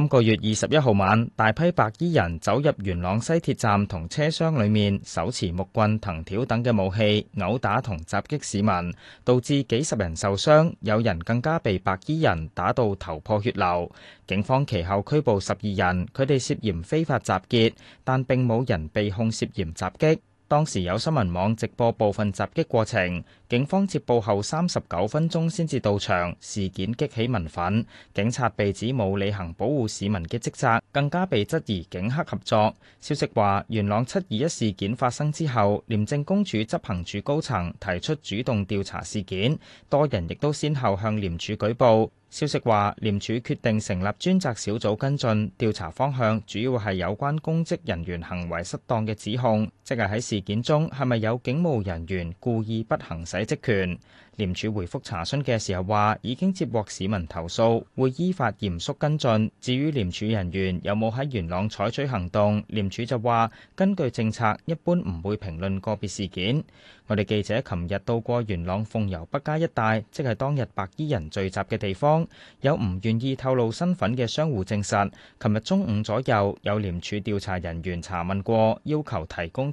今個月二十一號晚，大批白衣人走入元朗西鐵站同車廂裏面，手持木棍、藤條等嘅武器，毆打同襲擊市民，導致幾十人受傷，有人更加被白衣人打到頭破血流。警方其後拘捕十二人，佢哋涉嫌非法集結，但並冇人被控涉嫌襲擊。當時有新聞網直播部分襲擊過程，警方接報後三十九分鐘先至到場。事件激起民憤，警察被指冇履行保護市民嘅職責，更加被質疑警黑合作。消息話，元朗七二一事件發生之後，廉政公署執行處高層提出主動調查事件，多人亦都先後向廉署舉報。消息話，廉署決定成立專責小組跟進調查，方向主要係有關公職人員行為失當嘅指控。即係喺事件中係咪有警務人員故意不行使職權？廉署回覆查詢嘅時候話，已經接獲市民投訴，會依法嚴肅跟進,至於廉署人員有冇喺元朗採取行動廉署就話根據政策，一般唔會評論個別事件。我哋記者琴日到過元朗鳳遊北街鳳攸北街一帶，即係當日白衣人聚集嘅地方，有唔願意透露身份嘅商戶證實，琴日中午左右有廉署調查人員查問過要求提供。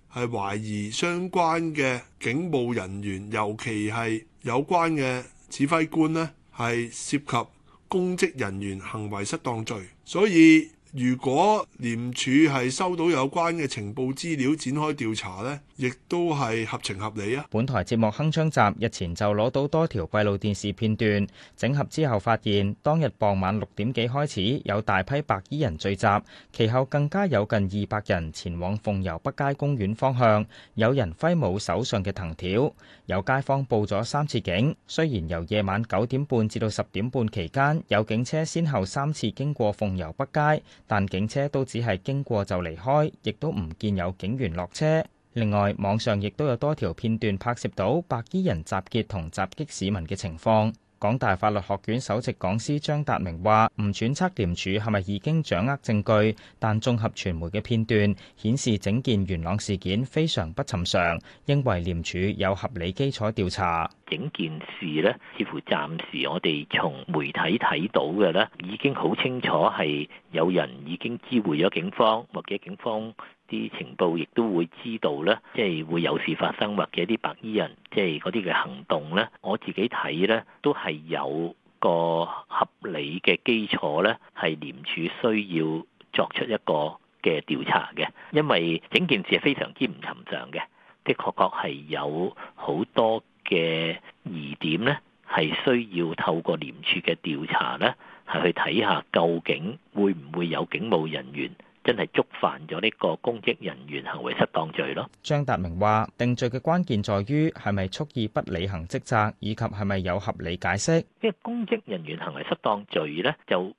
係懷疑相關嘅警務人員，尤其係有關嘅指揮官呢，係涉及公職人員行為失當罪，所以，如果廉署係收到有關嘅情報資料，展開調查咧，亦都係合情合理啊。本台節目《鏗鏘集》日前就攞到多條閉路電視片段，整合之後發現當日傍晚六點幾開始有大批白衣人聚集，其後更加有近二百人前往鳳攸北街公園方向，有人揮舞手上嘅藤條，有街坊報咗三次警。雖然由夜晚九點半至到十點半期間有警車先後三次經過鳳攸北街。但警車都只係經過就離開，亦都唔見有警員落車。另外，網上亦都有多條片段拍攝到白衣人集結同襲擊市民嘅情況。港大法律學院首席講師張達明話，唔揣測廉署係咪已經掌握證據，但綜合傳媒嘅片段顯示整件元朗事件非常不尋常，認為廉署有合理基礎調查。整件事咧，似乎暫時我哋從媒體睇到嘅咧，已經好清楚係有人已經知會咗警方，或者警方。啲情報亦都會知道咧，即係會有事發生，或者啲白衣人即係嗰啲嘅行動咧。我自己睇咧，都係有個合理嘅基礎咧，係廉署需要作出一個嘅調查嘅，因為整件事係非常之唔尋常嘅，的確確係有好多嘅疑點咧，係需要透過廉署嘅調查咧，係去睇下究竟會唔會有警務人員。真係觸犯咗呢個公職人員行為失當罪咯。張達明話：定罪嘅關鍵在於係咪蓄意不履行職責，以及係咪有合理解釋。因為公職人員行為失當罪咧，就唔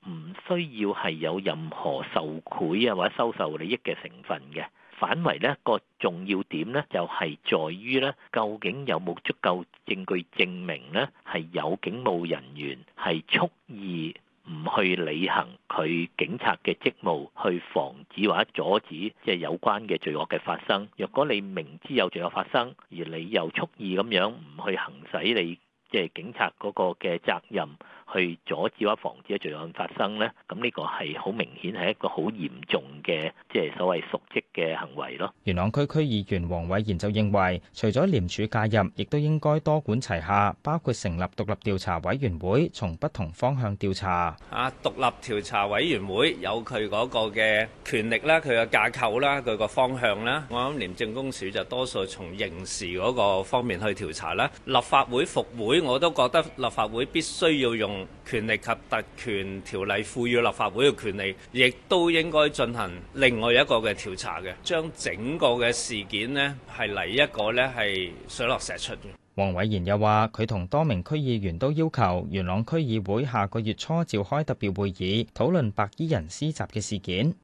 需要係有任何受賄啊或者收受利益嘅成分嘅。反為咧個重要點咧，就係在於咧，究竟有冇足夠證據證明咧係有警務人員係蓄意，唔去履行佢警察嘅職務，去防止或者阻止即係有關嘅罪惡嘅發生。若果你明知有罪惡發生，而你又蓄意咁樣唔去行使你即係警察嗰個嘅責任。去阻止或者防止罪案發生咧，咁呢個係好明顯係一個好嚴重嘅，即係所謂瀆職嘅行為咯。元朗區區議員黃偉賢就認為，除咗廉署介入，亦都應該多管齊下，包括成立獨立調查委員會，從不同方向調查。啊，獨立調查委員會有佢嗰個嘅權力啦，佢嘅架構啦，佢個方向啦。我諗廉政公署就多數從刑事嗰個方面去調查啦。立法會復會，我都覺得立法會必須要用。權力及特權條例賦予立法會嘅權利，亦都應該進行另外一個嘅調查嘅，將整個嘅事件呢，係嚟一個呢，係水落石出嘅。黃偉賢又話，佢同多名區議員都要求元朗區議會下個月初召開特別會議討論白衣人施襲嘅事件。